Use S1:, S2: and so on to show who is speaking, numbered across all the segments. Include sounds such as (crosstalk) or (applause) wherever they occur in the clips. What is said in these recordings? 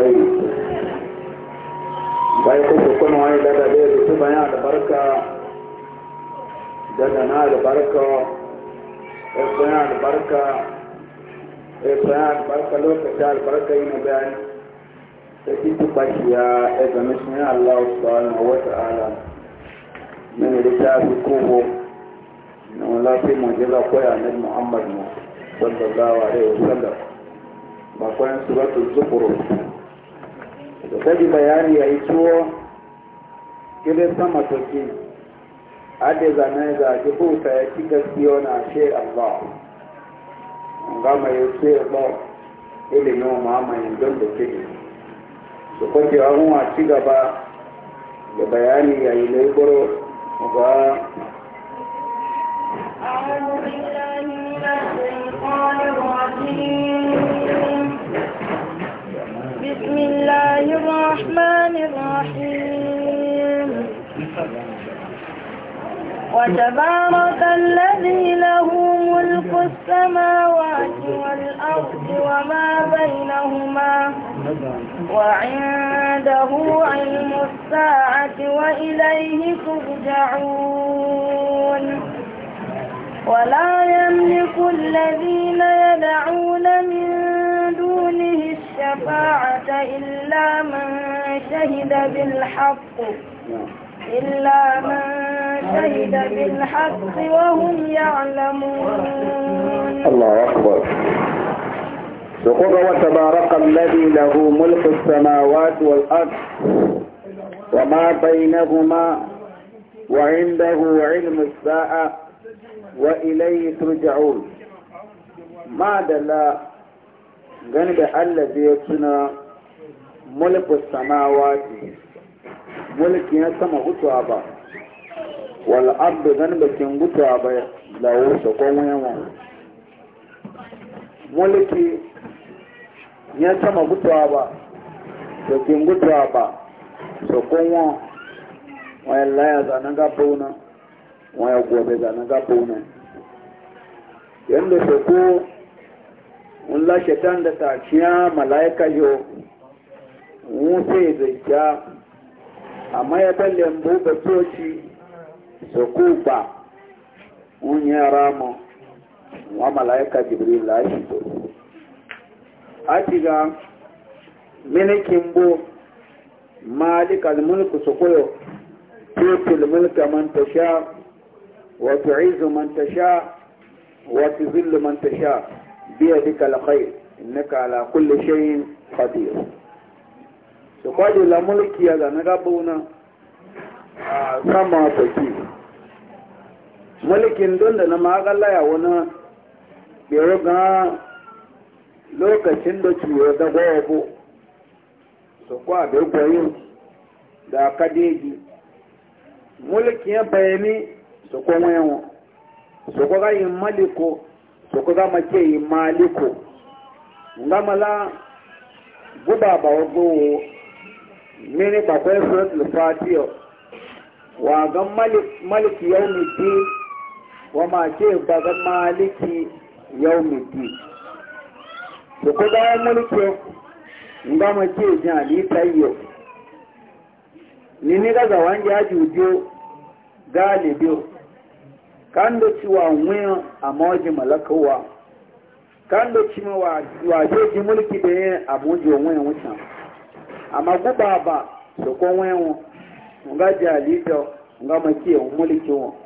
S1: alkhairi bai ko ko kono ai daga da da su bayan albarka daga na albarka e bayan albarka e bayan albarka lokacin albarka yana bayani da kitu bashiya e ga mishin Allah subhanahu wa ta'ala من رسالة كوبو إنه لا في مجلة قوية عن محمد صلى الله عليه وسلم ما قوية سورة الزخرف Sosai bayani ya yi tuwo, gire sama toki, ade zane za ki huta ya ci gaskiyo na she Allah. Nga mai yake Allah, ilimin mamayin don da ke. Su kwace wa ci gaba da bayani ya yi laiboro
S2: ga أعوذ بالله من الشيطان الرجيم
S1: وتبارك الذي له
S2: ملك السماوات والأرض وما بينهما وعنده علم الساعة وإليه ترجعون ولا يملك الذين يدعون من دونه الشفاعة إلا من شهد بالحق إلا من الكيد بالحق وهم يعلمون
S1: الله أكبر وقضى وتبارك الذي له ملك السماوات والأرض وما بينهما وعنده علم الساعة وإليه ترجعون ما دلا غنب الذي يتنا ملك السماوات ملك يسمى أتوابا wal abdu gan bakin guta ba lawo sa ko wayan mulki ya sama guta ba bakin guta ba so ko wa wayan laya zanan ga bauna wayan gobe zanan ga bauna yanda so ko un la shaitan da ta ciya malaika yo mun sai da ja amma ya balle mbu ba toci sokufa unye ramo wa malaika jibril ashito atiga minikin bo malik almulku sokoyo tutul mulka man tasha wa tu'izu man tasha wa tuzillu man tasha biyadika alkhair innaka ala kulli shay'in qadir sokoyo la mulki ya ga nagabuna sama ah, taki mulkin na da na magalaya wani ɓero ga lokacin da ciwo da gwabo su kwa da gwayo da kadeji ya bayani su kwa wayanwa su kwa ga yin maliko su kwa ga make guba ba wagowo mini bakwai malik wama ke baga maliki yau mutu da ku bayan mulki nga ma ke jan tayyo ni ni ga zawan ya jujo galibiyo kan da ciwa wuyan a mawajin malakawa kan da cima wa ji mulki da yin abujo wuyan guba ba su wuyan nga mulki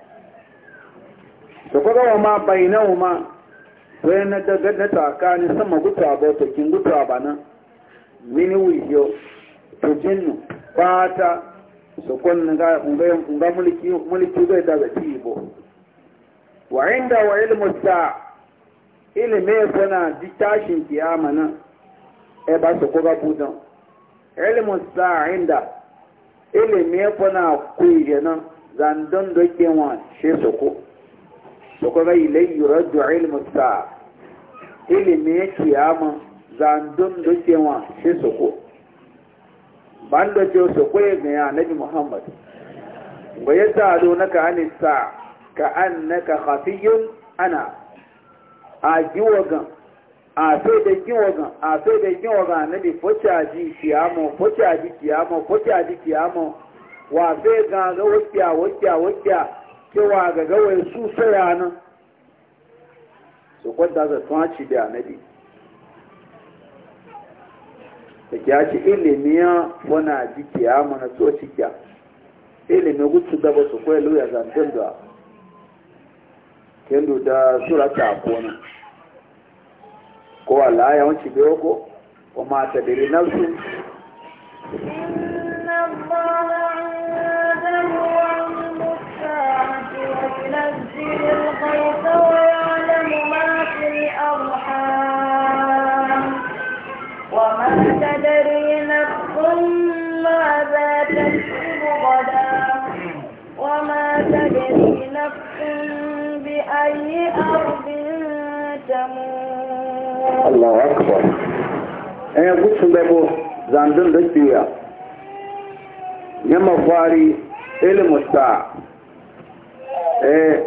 S1: sokoga wa ma bai na ma wai na daga na taka ni sama gutu ba to kin gutuwa ba nan mini wiyo to jinnu fata su nga ga ga mulki mulki zai daga tibo wa inda wa ilmu sa ilimi sana di tashin kiyama nan e ba su kuga budan ilmu sa inda ilimi sana kuyi nan zandon dokin wa su ku وكما إليه يرد علم الساعة ilimin kiyama zandun da cewa shi soko ban da ce soko ya gaya nabi muhammad wa ya zado na ka anisa ka an na ka hafiyun ana a jiwagan a sai da giwagan a sai da giwagan nabi fucaji kiyama fucaji kiyama fucaji kiyama wa sai ga ga wakiya wakiya wakiya kewa ga gawai su saya nan su kwadda za su haci da anabi da kya ci ilimiya wana ji kiyama mana so cikya, kya ilimin gutu da su kwaya luya zantin da kendo da surata a kona ko Allah ya wanci biyo ko kuma ta dare Allahu akbar. Eh gutsun bai ko zandun da tiya. Yamma fari ilmu sa. Eh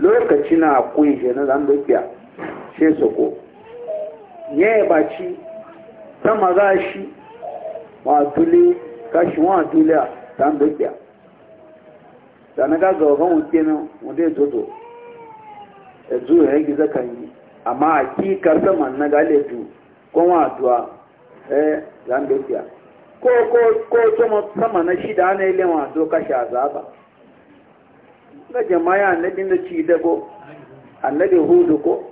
S1: lokaci na kun je na zan da tiya. She soko. Nye baci sama za shi wa dule kashi wa dule zan da tiya. Sanaka ga gaban wuce nan e, ya zoto. Ezu ya gizo kan yi. amma a kika saman na galetu kuma aduwa eh zambia ko ko ko tuma sama na shida ne ile ma do kashe azaba na jama'a annabi da ci dago annabi hudu ko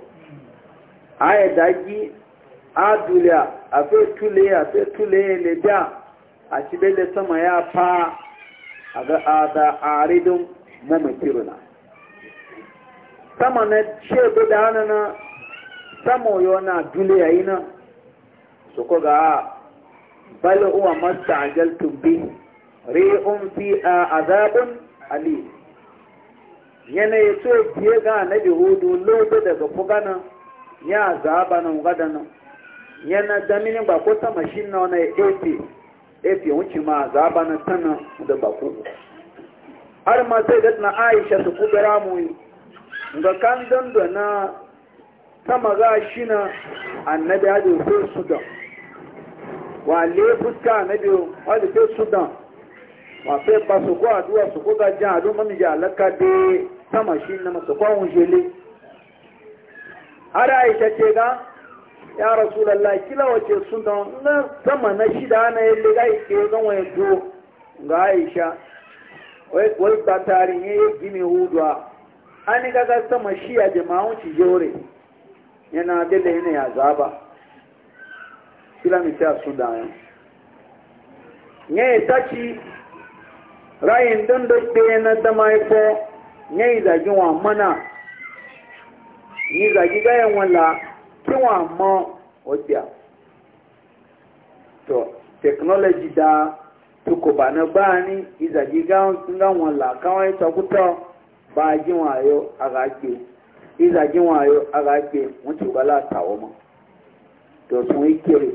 S1: aya daji adulia afe tule afe tule le da a ci bele sama ya fa a ga ada aridun mamatiruna sama na ce da hanana sama yau na dule na nan su ko ga bal huwa mastajaltum bi ri'un fi azabun ali yanayi so biye ga na hudu lodo daga fugana ya azaba na gadana yana damini ba ko ta mashin na wani efe efe wuce ma azaba na tana da baku har ma sai na aisha su kubira mu ga kan dandana ta maza shi na annabi ya dofe sudan wa le fuska annabi wa dofe sudan wa fai ba su kuwa duwa su kuka jan a mami ja alaka ta sama shi na masu kwanwun hun jele ara aisha ce ga ya lallai kila wace sudan na sama na shida na yi ga ike ga wani do ga aisha wai ba tarin yayi gimi hudwa an ga sama shi a jama'un ci jore yana dele yana ya zaba kila mita su da yan ne ta ci rayin don da ɗaya na dama ifo ne zagi wa mana ni zagi gayan wala ki wa ma otia. to technology da tuko ba na ba ni izagi gawan wala kawai takuta ba ji wa yau a gage ìzàjí wọn àyọ ara gbé wọn ti wà látàwọn mọ dọ̀tún ìkéré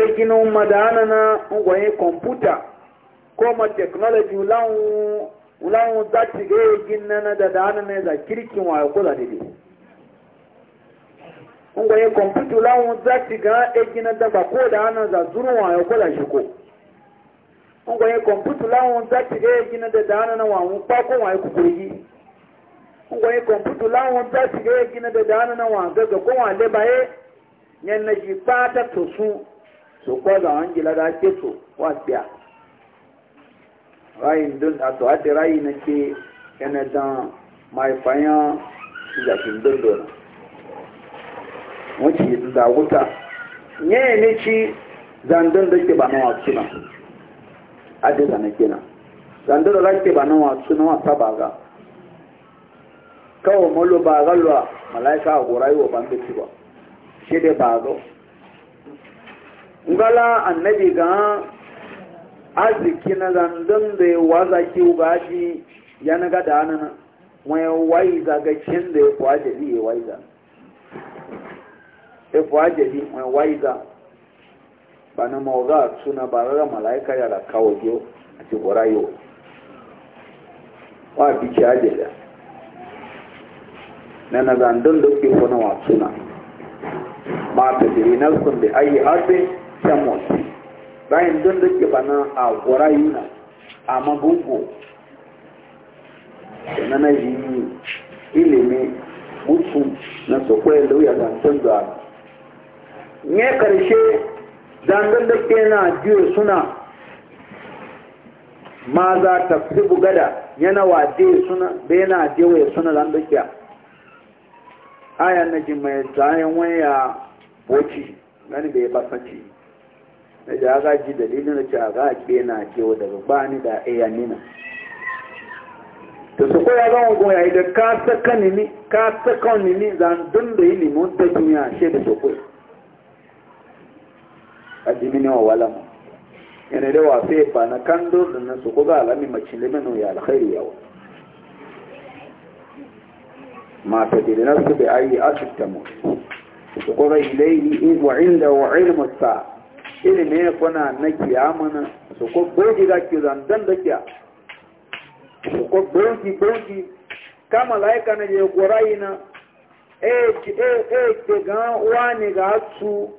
S1: eginu madana na ngwanye kọmputa kọma teknọlọji wulawun zati ga egin na na dadana na za kirkin wa ko da dede ngwanye kọmputa wulawun zati ga egin na daba ko da ana za zurun wa ko da shi ko ngwanye kọmputa wulawun zati ga egin na dadana na wa mu pa ko wa kukuri wai kwamfutu lawon ta shiga ya gina da dana na wanga ga kuma wale baye yan na shi fata to su su ko ga wangila da ke so wasiya rayin dun a to ati rayi na ke yana dan mai fanya shi da kin dun dona wace da wuta ne ne ci zandun da ke ba na wasu na adida na kenan zandun da ke ba na wasu na wasa ba ga kawo malo ba galwa malaika a gorayi wa ban biki ba shi da ba zo ngala annabi ga aziki na zandun e da waza ki ugaji ya na gada nan wai wai zaga cin da ya kwa jali ya wai za ya kwa jali wai wai za ba na mawuga suna ba ga malaika ya da kawo biyo a ci wa ajiyar na nazandun da kuna wasu na ma ta jiri na sun da ayi arbe samus bayan don da ke bana a gwarayi na a magungo da na na yi ilimi mutu na sokwai lauya zancen da ne karshe zandun da ke na biyu suna ma za ta fi bugada yana wa suna bai yana dewa suna zandun da aya na ji mai tsayin waya boci gani bai basanci na ji aga ji dalilin da ce ga ke na kewa daga ni da iya nina da su ya zama goya idan ka saka nini ka saka nini zan dun da yi limun ta duniya she da su koya a ji mini wa wala mu yana da wasu ya ba na kan da na su koga alamin mace limin ya alkhairi yawa ما تدري نفس بأي أرض تموت تقول إليه إذ وعنده علم الساعة ilimi ne kuna na kiyamana su ko bogi da ke zandan da kiya su ko bogi bogi kama laika na je gorayi na e ke ga wani ga su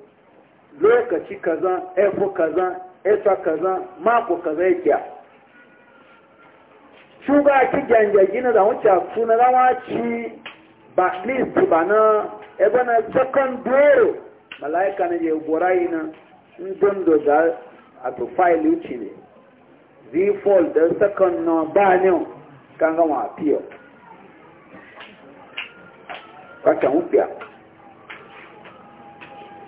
S1: lokaci kaza efo kaza eta kaza mako kaza ya kiya shuga ki gyangyagi na da wuce su na zama ci ba list ba na ebe na second bureau malaika na je gora yi na ndondo da ato file uchi ne z fold second na ba ka o kan ga wa pio kaka upya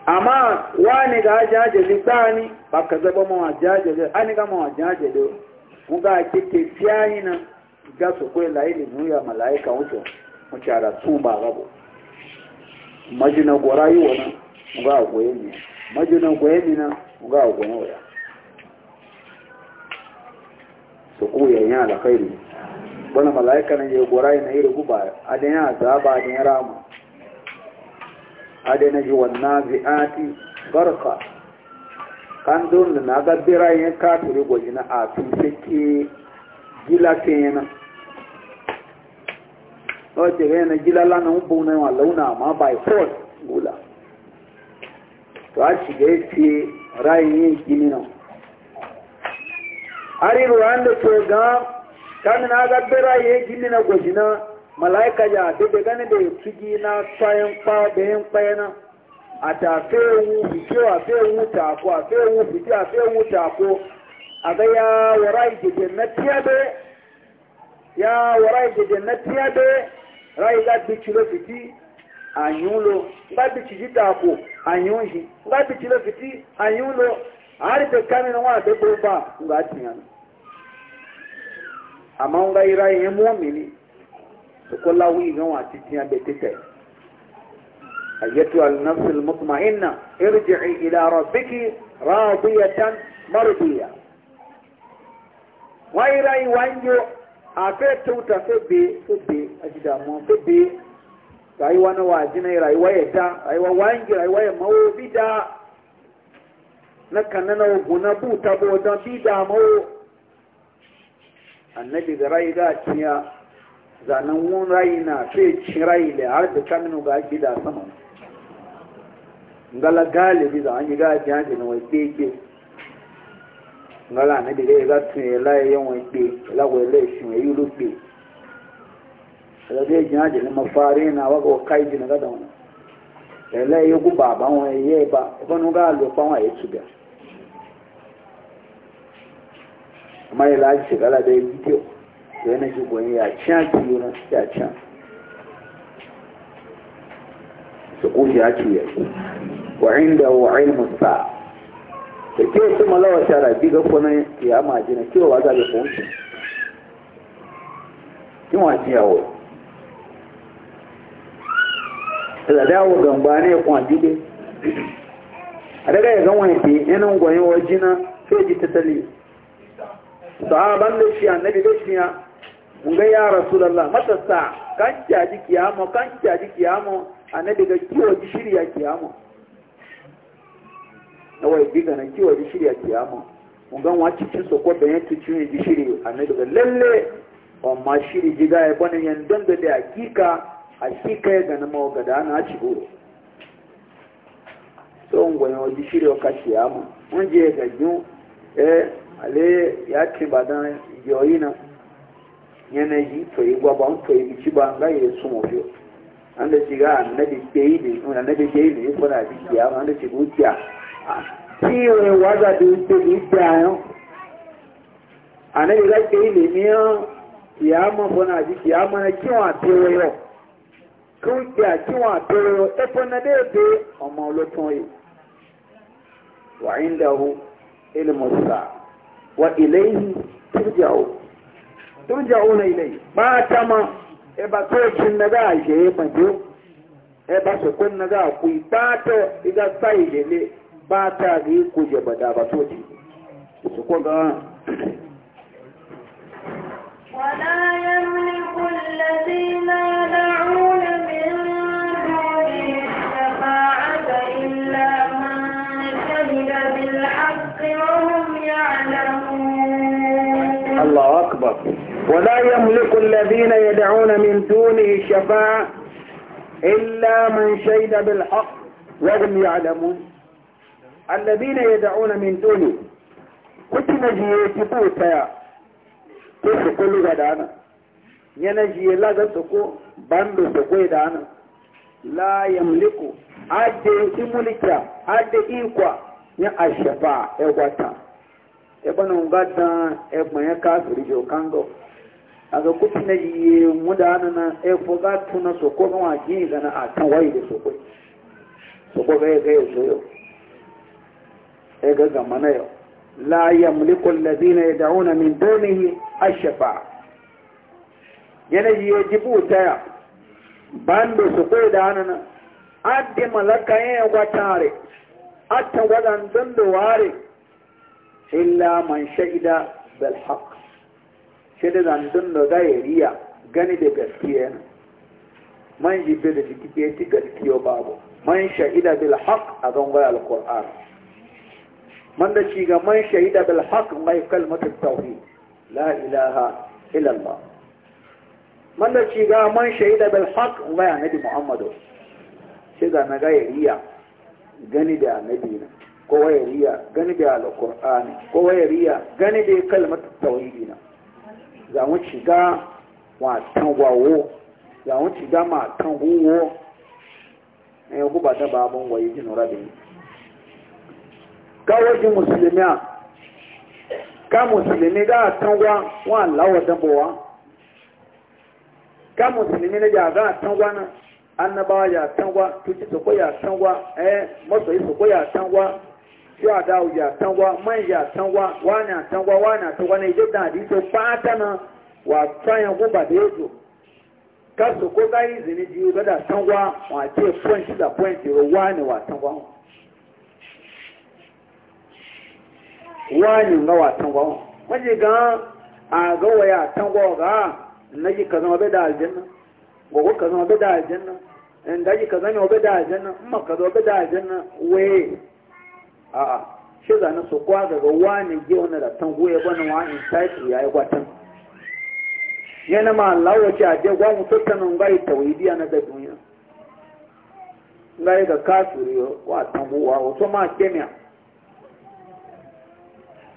S1: ama wani ga ajaje litani ba ka zaba ma ajaje ani ga ma ajaje do mun ga kike tiyani na ga su ko laili mu ya malaika wuce wacce da su ba rabo majina gora yi wani ga goye ne majina goye ne na ga goye waya su koya wani mala'ika na yi gora yi na yi ruguba adin ya zaba adin ya rama adin na ji wannan zi'ati barka kan don na ga birayen kafiri gwajina a tun sake gila kenan o chege yana la lana umbo na wa launa ma by force gula to a shige ce rayin gini nan ari ruwan da to ga kan na ga bira ye gini na gojina malaika ya de de gane de tugi na tsayin pa de yin payana ata fewu fitio afewu tako afewu fitio afewu tako aga ya warai de jannatiya de ya warai de jannatiya de rai ga bi kilo fiti anyulo ga bi ci jita ko anyunji ga bi kilo fiti anyulo ari pe kami no wa be boba nga tiyan ama nga ira ye mu'mini ko lawi ga wa titiya be tete ayyatu an-nafs al-mutma'inna irji'i ila rabbiki radiyatan mardiyah wa ira wanjo afe tuta febe febe a ji damuwa febe rayuwa na wajinai rayuwa ya da rayuwa wangi rayuwa ya mawo bida na kanna na ogun na buta bo don bida mawo annabi ga rayu ga ciya zanen wun rayu na fe ci rayu da har da kaminu ga gida sama ngala bi za an yi gaji da na wasu ke ngala anabi le ega tun ye la ye wɔn gbe la wɔ le sun ye yulu gbe ɛlɛbi gyina gyina ma faari na wa ko kai gyina ka dɔn ɛlɛ ye ko baaba wɔn ye ba ɛfɛ nu ka lo kpɔn a ye tu bɛ ama yɛ la a ti kala bɛ video yɛ ne ti ti yi na a tiɲɛ soko yi a ti yɛ wa inda wa ilmu saa da ke su malawa shara bi ga kuna ya maji na kewa za ga kun shi kin wa ci yawo da dawo gamba ne kwa dide a daga ya gan wani ke yanin gwaye wajina sai ji tattali sahaban da shi annabi da shi ya ga ya rasulullah matasa kan jaji kiyamo kan jaji kiyamo annabi ga kiwo ji shirya kiyamo na wai diga na kiwa di shirya kiyama mun ga wa cikin soko da ya tuci ne di shiri annabi daga lalle amma shiri diga ya bane yan don da da hakika hakika ya ga na mawa ga da ana ci go so ngwa ya di shiri ka kiyama mun je ga ju eh ale ya ci badan yoyina yanayi to yi gwaba to yi ci ba ga ya sumo fiyo an da shiga annabi ke yi ne annabi ke ne ya fara bi kiyama an da shiga tí ìrìn wájàdé ń pè ní pé àwọn àníbìlá ìpé ilé mìíràn kì á mọ̀ fọ́nà àti kì á mọ̀ ní kí wọ́n àti owó yọ kí wọ́n pè àti wọ́n àti owó yọ ẹ fọ́nà déédé ọmọ olótún yìí wà ń dàrú ilmọ̀sá wà ilé yìí túrjà ó túrjà ó na ilé yìí máa tamọ́ ẹ bá tó kí nàgá àjẹ́ pàjọ́ ẹ bá sọ̀kọ́ nàgá àkú ìpáàtọ̀ ìgbà sáyé lélẹ̀. ba ta yi kuje ba da ba su ko ga ولا يملك
S2: الذين يدعون من دونه الشفاعة إلا من شهد بالحق وهم يعلمون
S1: الله أكبر ولا يملك الذين يدعون من دونه الشفاعة إلا من شهد بالحق وهم يعلمون الذين يدعون من دوني kuti na jiye ti ko taya ko su kullu ga dana yana jiye la ga soko bando soko da ana la yamliku ade ti mulika ade ikwa ya ashafa e wata e bana ngata e manya ka surijo kango aga kuti na jiye mudana na e foga tuna soko ga wa jiye ga na atan wai da soko soko ga ga yoyo اجازة منيو لا يملك الذين يدعون من دونه الشفاعة يعني يجبو تايا باندو سقوي داننا ادي ملكا يواتاري إيه اتا ودان دندو واري إلا من شهد بالحق شهد دان دندو داي ريا غني دي بسكيين من جي بيدي كي بيتي بسكيو بابو من شهد بالحق اذن غير القرآن man da shi ga man shahida bil haqq mai kalmatu tauhid la ilaha illa Allah man da shi ga man shahida Muhammadu shi ga na ga yariya gani da annabi na kowa yariya gani da alqur'ani kowa yariya gani da kalmatu tauhid na za mu shiga wa tangwawo za mu shiga ma tanguwo ne ku ba ta babun wayi jin rabin gáwọ́jú mùsùlùmí à ká mùsùlùmí gáà tán wá wọn àláwọ̀ dánbọ̀ wá ká mùsùlùmí ní yà gáà tán wá náà annabawa yà tán wá tuji sọ̀kọ́ yà tán wá ẹ mọ́sọ̀ yìí sọ̀kọ́ yà tán wá tí àdáwò yà tán wá mọ́ yà tán wá wà ní àtán wá wà ní àtán wá ní ìjọba àdìsọ pátá náà wà tọ́yàn fún bàbá ètò ká sọ̀kọ́ gáà yìí zìnnì di ọgọ́dà tán wá wọn àti ẹ̀ pọ́ìntì dà pọ́ìntì rẹ̀ wá ní wà tán wá wọn. wani ga watan gwa maji ga a ga waya tan gwa ga na ji ka zama bada aljanna gogo ka zama bada aljanna in da ji ka zama bada aljanna in ma ka zama bada aljanna waye a a shi zana su kwa daga wani ji wani da tan goye bana wani taiki ya yi gwatan yana ma Allah wace a je gwa mu tattanin tota gai tawhidiya na da duniya ngai ga kasuriyo wa tan gowa wato ma kemiya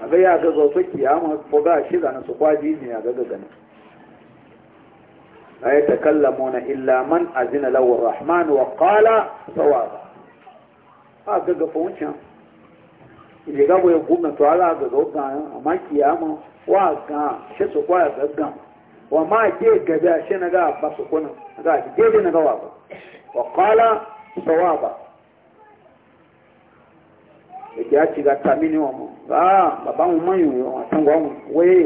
S1: aga ya ga zo kiyama ko ga shi ga su kwaji ne ya ga ga yi takalla yatakallamuna illa man azina lahu arrahman wa qala sawaba aga ga funcin ile ga ya gumna to ala ga zo ga amma kiyama wa ga shi su kwaya ga ga wa ma ke ga da shi na ga ba su kuna ga ke na ga wa wa qala sawaba ẹ̀jẹ̀ àti gata mí ní ọmọ báà bàbá wọn mọ́yìn wọn àtàwọn àwọn wéè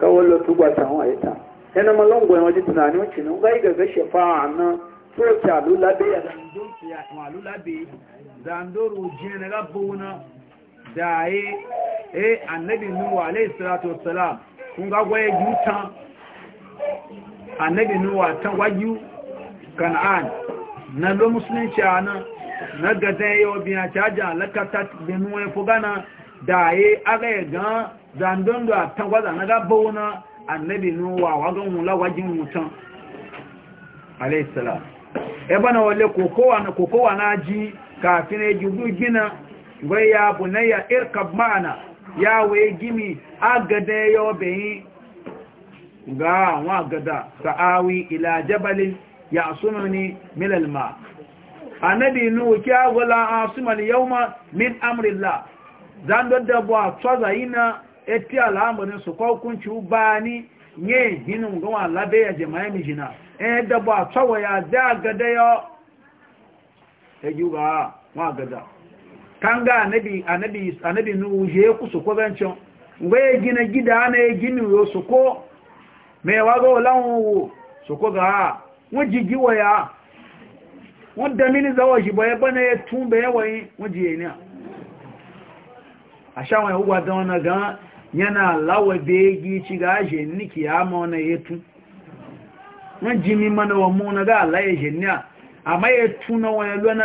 S1: kawai lotu ba ta hawa ita yana malon goyon wajen tunanin wacce nan ga gaga shafa'a na soke alulabe ya alulabe zandoro jiyana rabbuna da ya e annabi nuhu alayhi salatu wassalam kun ga gwaye juta annabi nuhu tan waju kan'an nan lo musulunci a nan na gazan yau biya caja lakata benin wani fugana da ya aga ya gan zandon da ta gwaza na gaba wuna annabi nuwa wagon wula wajen mutum alaihissala ebe na wale kokowa na ji kafin ya ji gina wai ya bunayya irkab ma'ana ya waye gimi agada yau bayin ga wa gada sa'awi ila jabalin ya sunani milalma annabi nuhu kya wala asimal yawma min amrillah zan dodda bwa tsaza ina ala al'amarin su ko kunci bani nye hinu ga wa labe ya jama'a mi jina e da bwa tsawa ya da gada yo e juga wa gada kanga annabi annabi annabi nuhu je ku su ko zancin we gina gida na gini yo su ko me wago lawo su ko ga wajigi waya wọ́n dẹmínì zọwọ́ ìṣìbọ̀ ẹgbẹ́ náà tún bẹ̀ẹ́ wọ̀nyí wọ́n jìyẹ ní àṣàwọn ìhúwà dánwọ́n na gan yana láwọ̀ bẹ́ẹ̀gì ci gáàṣẹ́ ní kì á mọ́ na yẹ tún wọ́n jí mi mọ́ na mú na gáà láyé ní àmá tún na wọ́n na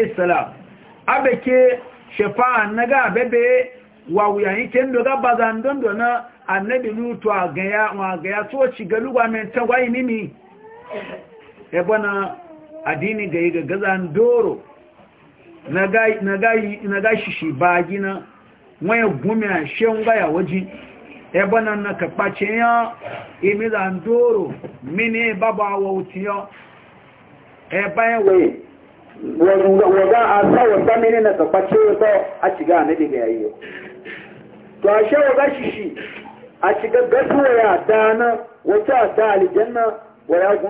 S1: ya ci na shafa'an na ga bebe wa wuyayin ke do ga bazan don na annabi lutu a gaya wa to ci ga lugwa men ta wai mimi e bana adini ga ga gazan doro na ga na ga na ga shi shi bagi na waya gumi a shen ga waji e bana na ka pace ya imi za ndoro mini baba wa ebe e bayan waga a sa wata mini na tsakwace wata a shiga na daga yayi to a sha waga shi shi a shiga gasuwa ya dana wata ta alijanna waya waya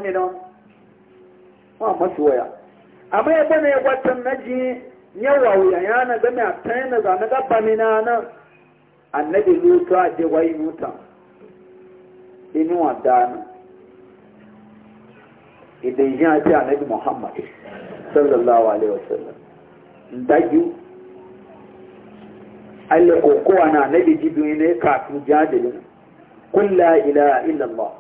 S1: amma ya bane watan naji yawa wuya yana da mai mina na annabi lutu a je wayi mutan inuwa dana idan ya ce annabi muhammad sallallahu alaihi wasallam ndaju alle kokowa na annabi jibi ne kafin jadilin kun la ilaha illallah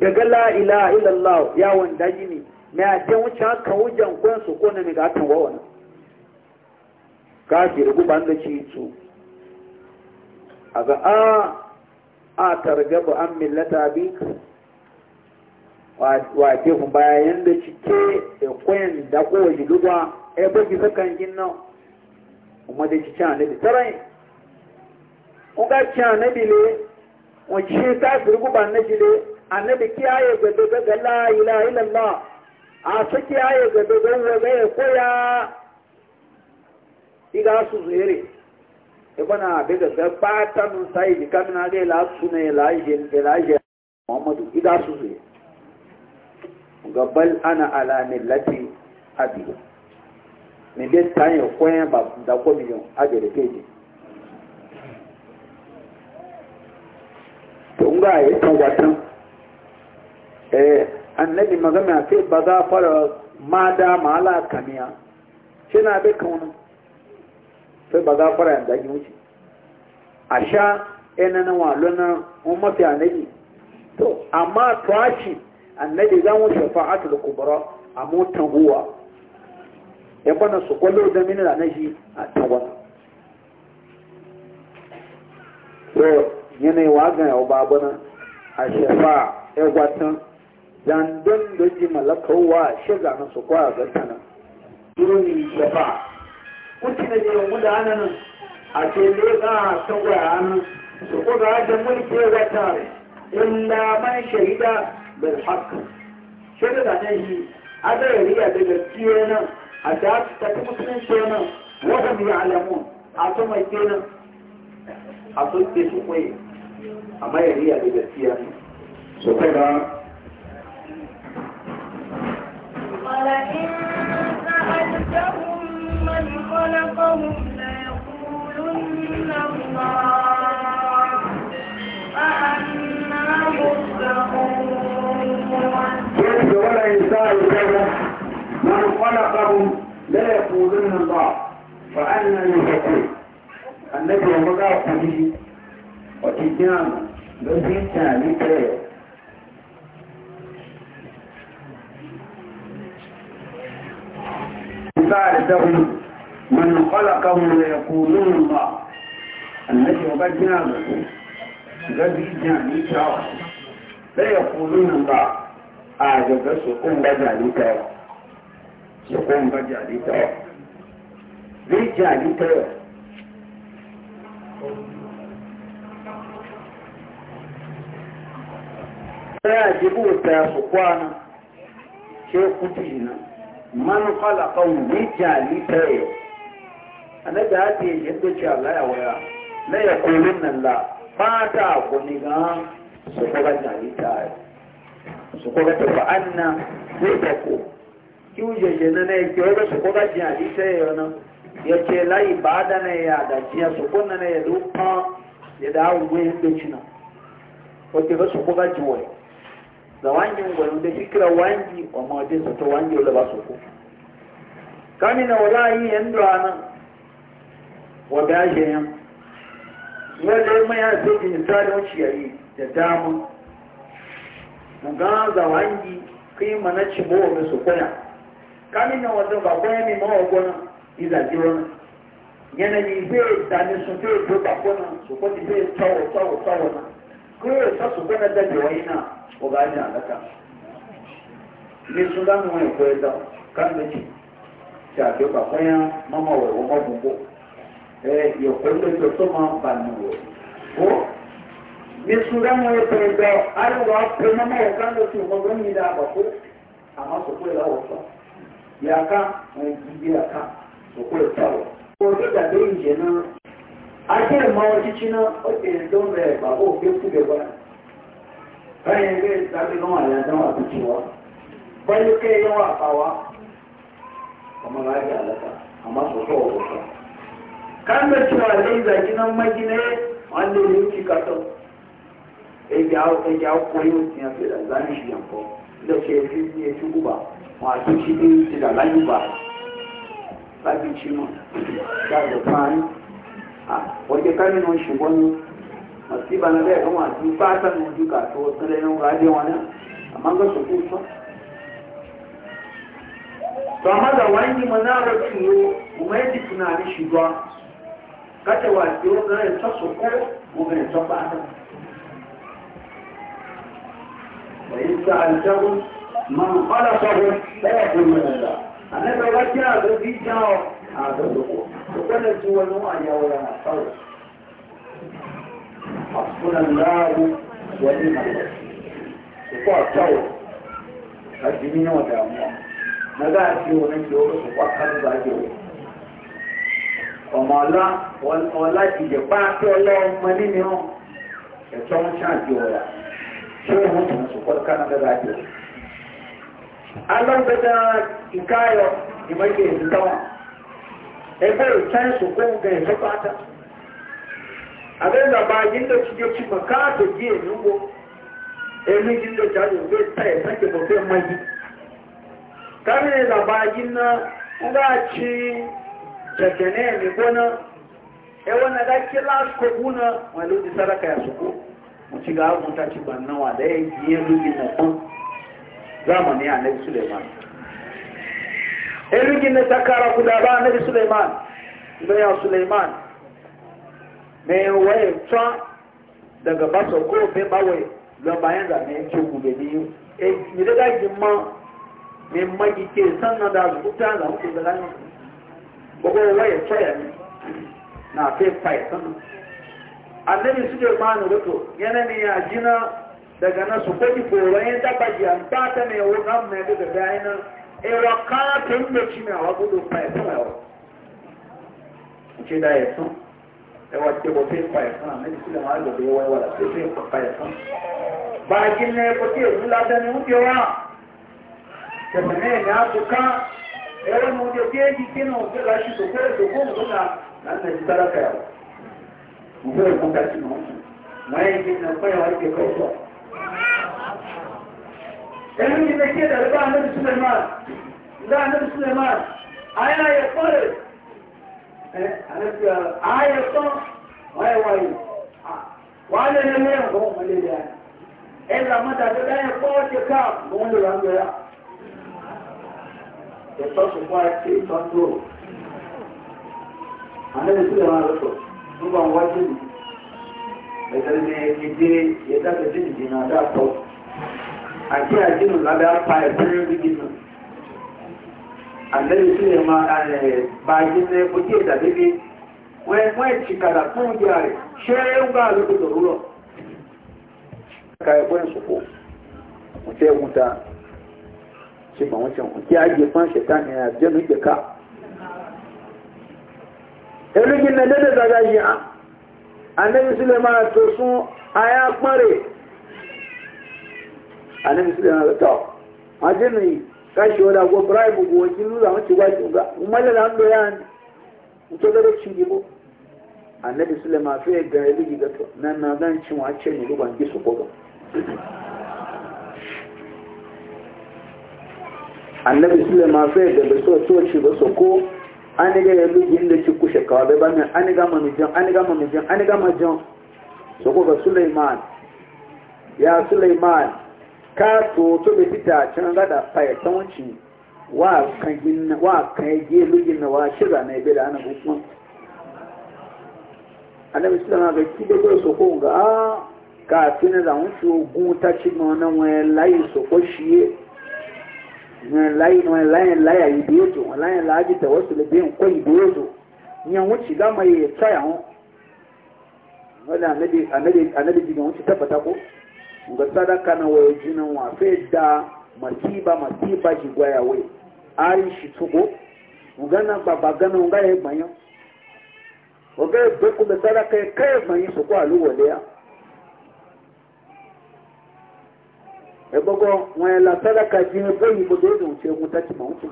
S1: daga la ilaha illallah ya wanda ne, mai a ce wuce haka wujen kwansu ko na miga kan wawana kafin ruguban da ci su a ga a ah, a targabu an millata bika wake kun baya yadda cike da kwayan da kowace lugwa ya bagi sakan yin nan kuma da cikin annabi tarai kun ga cikin annabi ne wace ta fi rububa annabi ne annabi kiyaye gado daga la ila ilallah a su kiyaye gado don waga ya koya iga su zuhere ibana abin da ga fatan sai bi kamina ga ila su ne ila muhammadu iga su zuhere ga ana ala millati abi ne dai tan ya koyan ba da ko mi yon aje da keji to nga yi tan watan eh annabi magana ke ba za fara ma da ma ala kamiya kina be kauna sai ba za fara yanzu ake wuce a sha ɗaya wa lona un mafi anabi to amma tuwaci annabi zamu shafa'atul kubra amotan huwa ya bana su kwallo da mini da nashi a tawa so yanayi wa ga yau babana a shafa ya gwatan zandon da ji malakawa shiga na su kwaya ga tana irin shafa kuci na jiyan guda nan a ce ne za a tawa nan su kuka ajin mulki ya wata illa man shaida بالحق شنو عليه هذا هي دغتينا أداة تكمسن شنا وهم يعلمون أتوما يتنا أتوما تشوفي أما هي دغتينا سبحان
S2: ولئن سألتهم من خلقهم
S1: خلقهم لا يقولون الله فأنا يفكون النبي ومقاق
S2: به وتجام بزيتا لتيه
S1: بعدهم من خلقهم ويقولون الله الذي وقد نابه الذي جاني تاوه لا يقولون الله أعجب سقوم بذلك يقوم بجعلته بجعلته فيجب التاسقوان شيخ دينا من خلقه بجعلته أنا جاءتي يجب الله يا لا يقولن الله فاتا قنقا سقوة جعلته سقوة فأنا لتكون kí wọ́n yẹ̀yẹ̀ nana ẹ̀jọ́ ẹgbẹ́ sọ̀kọ́ bá jẹ́ àdíṣẹ́ ẹ̀rọ náà yẹ̀kẹ́ láyé bá dáná ẹ̀yà àdàtí ẹ̀sọ̀kọ́ nana ẹ̀ ló pọ́n yẹ̀dá àwùwé ẹ̀gbẹ́jì náà ọ̀tẹ̀ ẹ̀fẹ́ sọ̀kọ́ bá jù wọ̀ẹ̀ zawanyi ngwani da fikira wangi ọmọ ọdẹ sọ̀tọ̀ wangi ọlọ́ bá sọ̀kọ́ kánì náà wọlá yìí yẹn ń dọ̀ àná wọ̀bẹ̀ àṣẹ yẹn kí mana ci bọ́ ọmọ sọ̀kọ́ kami na wato ba ko ni mo ko na iza jiwa yana ni be da ni su be do ba ko na su ko ni be tawo tawo na ko ya sa su ko na da jiwa ina o ga ni alaka ni su da mu ko da kan da ji ta do ba ko ya mama wo wo mo ko eh yo ko le to to ma ba ni wo ko ni su da mu ko da ai wa ko mama wo kan da su mo ga ni da ba ko amma e yaka na gibi yaka su kula tsawo ko da da yin na a ke ma na oke don da ba ko ke ku ga ba kan yin ga da bi don ala dan wa ku ciwa bai ke yawa bawa kuma ga ga alaka amma so so ko so kan da cewa dai da kinan magine wanda yake ka to e ya e ya koyo ne a fi da zani shi yanko da ke masu cikin su da layu ba lafi ci ma da da fani a wajen kanin wani shugon masu ba na zai ga masu fatan mu duka to wasu da yau gaje wani amma ga su kusa
S2: to amma da wani
S1: manara ciwo kuma yadda tunani shugwa kata wa ciwo ga ya ta soko ko ga ya ta fata wa in sa'altahum من خلقهم لا يكون من الله أنا بوجه هذا في جاو هذا هو وكل سوى نوع يا ولا حول حسبنا الله ونعم الوكيل وقال تو أجمعين ودعموا ماذا أجيو نجيو وقال ذاكيو ọmọ ọlá ọlá ìjẹ pàápẹ́ ọlọ́ọ̀mọ nínú ẹ̀tọ́ ń ṣáàjì ọ̀rà ṣé òun tó ń sọ̀kọ́ kánádà rájọ́ alágbẹ́dá ìkáyọ̀ ìmọ̀jẹ̀ ìdíkọ́wà ẹgbẹ́ ìtẹ́sù kó ń gẹ̀ ẹ̀fẹ́ pátá àbẹ́gbàbà yíndò tí ó ti mọ̀ jí ènúgbò ẹnu yíndò jáde òwe tẹ́ ẹ̀fẹ́jẹ̀ mọ̀ fẹ́ yìí kámínì bàbá yìí ná ń bá ti jẹ̀jẹ̀ náà ní gbóná ẹwọ́n náà dá kí lásìkò wú náà wọn ló ti sára mo ti gà á ti gbà náà wà lẹ́yìn zamani ya annabi suleiman erigin na takara guda ba annabi suleiman ya suleiman mai waye tra daga baso ko be bawai don bayan da mai ce gube ni e ni daga gimma mai magi ke sannan da zubuta da hukun da ganin gogo waye tsa ya ne na fe fai sannan annabi suleiman wato yana ne ya jina daga na su kwaji koron yin tabaji an ba ta mai yawon kan mai daga bayan nan ewa katin da ci mai hawa gudu mai sun yawa ce da ya sun ewa ce ba sai kwaye sun a mai sila ma da bai wai wala sai sai kwaye sun ba gin ne ko ce zula da ne wuce wa ta mene ne a suka ewa mu da ke ji kina wuce da shi to kai da ko suna nan na ji talaka yawa mu bai kuka ci mu wani gin na wa ke kai
S2: Elini zeki eder.
S1: Daha Nebi Süleyman. Daha Nebi Süleyman. Aya yaparız. Aya yapar. Aya vayı. Vayı ne ne yapalım? Öyle yani. El Ramada da ben yapar ki kap. Ne olur lan böyle? Yapar şu var ki sandu. Anne Süleyman Resul. Bu ben vacibim. Mesela ne yedi, yedi de cinci nada tavuk àti àjínú lábẹ́ apá ẹ̀fẹ́rẹ́ gidi nù àlẹ́ ìsúlẹ̀ máa bá jínú ẹ̀kọ́ tí èdà débi wọ́n ẹ̀ tìkàdà fún ìdí rẹ̀ ṣé ń bá lókòtò rúrọ̀ ká ẹ̀kọ́ ìsòkò wọ́n tẹ́ ẹ̀kún ta ṣe mọ̀ wọ́n tẹ̀ wọ́n tí àjẹ fún àṣẹta ní àjẹmú ìjẹká ẹlẹ́gìn náà lẹ́dẹ̀ẹ́dàgá yìí àlẹ́ ìsúlẹ̀ máa tó sún ayá pọ́nrẹ́ annabi su da ta aje ne kashi wala go bribe go wajin nuna mace gwa ki ga umalla na ndo yan to da ne gibo annabi sulaiman fe ga yi ga to nan na zan cin wace ne ruban su ko ga annabi sulaiman fe ga da so so ci ba so ko an ga yanzu lugi da ci kushe ka ba ban an ga jin an ga jin an ga jin so ko ga sulaiman ya sulaiman kato to bai fita can rada fayatanci wa kan yage lugin na wa shira na ibe da ana hukun annabi sallama ga ki da gwai soko ga a kafi na zaun shi ogun ta ci na wani wani layi soko shi wani layi wani layin laya yi biyo to wani layin laji ta wasu da biyan kwai biyo to yan wuce ga mai tsaya hon wadda annabi annabi annabi jigan wuce tabbata ko nga sadaka na wayo jinin wa da masiba masiba jigwa ya we ari shi tugo ugana baba gana nga ye gbanyo oge be ku be sadaka ye ka ye so ko alu wole ya ebogo wọn la sadaka jin bo yi bo yi don se mu tati ma wuce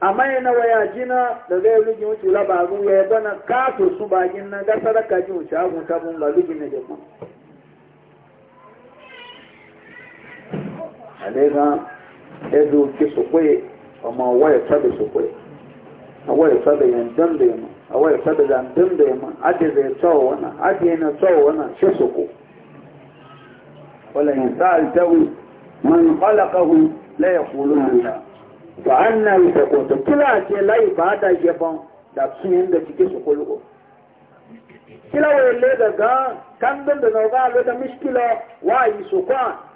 S1: amma yana waya jina da zai lugin wuce labaru ya yi bana kato su bagin na ga sadaka jin wuce agun tabun ga lugin na jefan ale gan edu ke sokwe ọmọ ọwọ ẹsẹbẹ sokwe ọwọ ẹsẹbẹ yẹn dẹndẹ mu ọwọ ẹsẹbẹ yẹn dẹndẹ mu adìyẹ ẹtọ wọn na adìyẹ ẹna ẹtọ wọn na ṣe soko wọlé yẹn sáà ìtẹwì mọ̀n kọ́lákọ̀hu lẹ́yẹ̀ kúló nìyà bá a nà ìfẹ̀kọ̀tọ̀ kíláàsì láyé bá a dà yẹ bọ́n dà tún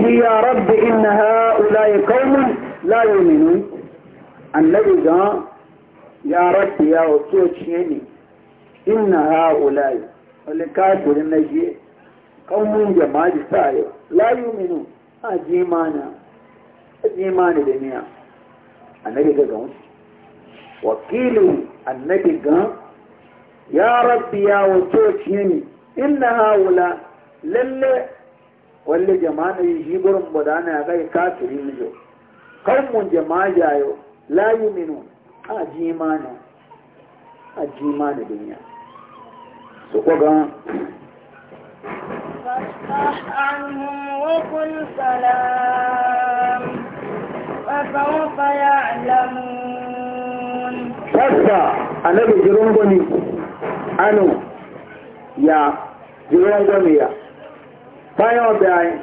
S1: قوله يا رب إن هؤلاء قوم لا يؤمنون النبي قال يا رب يا وكيوتشيني إن هؤلاء والكافر النجي قوم جماد سائر لا يؤمنون أجيمانا أجيمان دنيا النبي قال وكيله النبي قال يا رب يا وكيوتشيني إن هؤلاء للي wale jama'a yi jiburin budana ya kai kafiri jo kawun jama'a jayo la minu a ji a ji mana su kogan
S2: عنهم وقل سلام فسوف يعلمون
S1: فسا أنا بني أنا يا بني يا bayan ọbẹ̀ anyị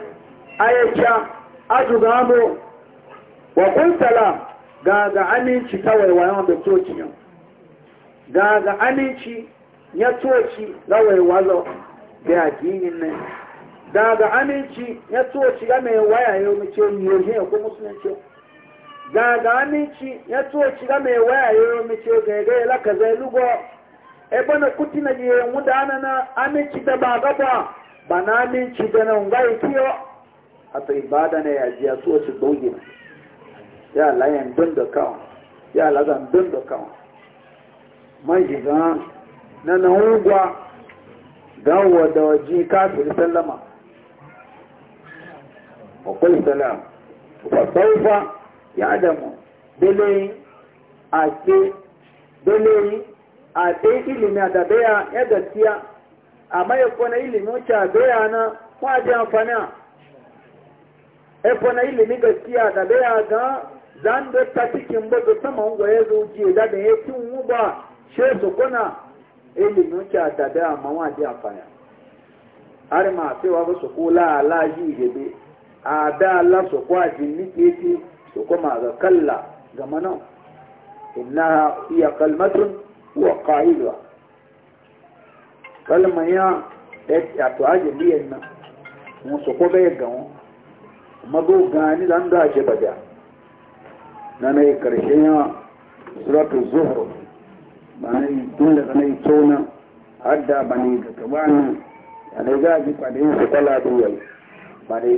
S1: ayyacha ajụga abụ wakuntala ga ga aminci kawai wayan ọbẹ̀ toci yau ga ga aminci ya toci gawai wazo da addinin nan ga ga aminci ya toci ga mai waya yau mace yohe ko musulunci ga ga aminci ya toci ya mai waya yau ga ga laka zai lugo ebe na kuti na bananin cigana ngai kiyo ato ibada ne ya jiya su su dogi ya la yan don da kawo ya lagan zan don da kawo mai jiga na na ugwa dawo da waji kafir sallama akwai salam fa saufa ya adamu bele a ke bele a ɗaya ilimin da ya gaskiya amma ya kwana ilimin wuce a doya na kwaji amfani a ya kwana ilimin gaskiya da doya ga zan da ta cikin bazu saman gwaye zuji da da ya cin mu ba she su kuna ilimin wuce a da doya amma waje amfani har ma cewa ba su kula ala ji gebe a da Allah su kwaji nike ci su kuma ga kalla ga manan inna iya kalmatun wa kalmanya ya to aje biyan nan mun so ko bai ga mu mago gani dan da aje bada nan ai karshen ya suratul zuhr bani dole kana yi tona hadda bani ga kabani ya ne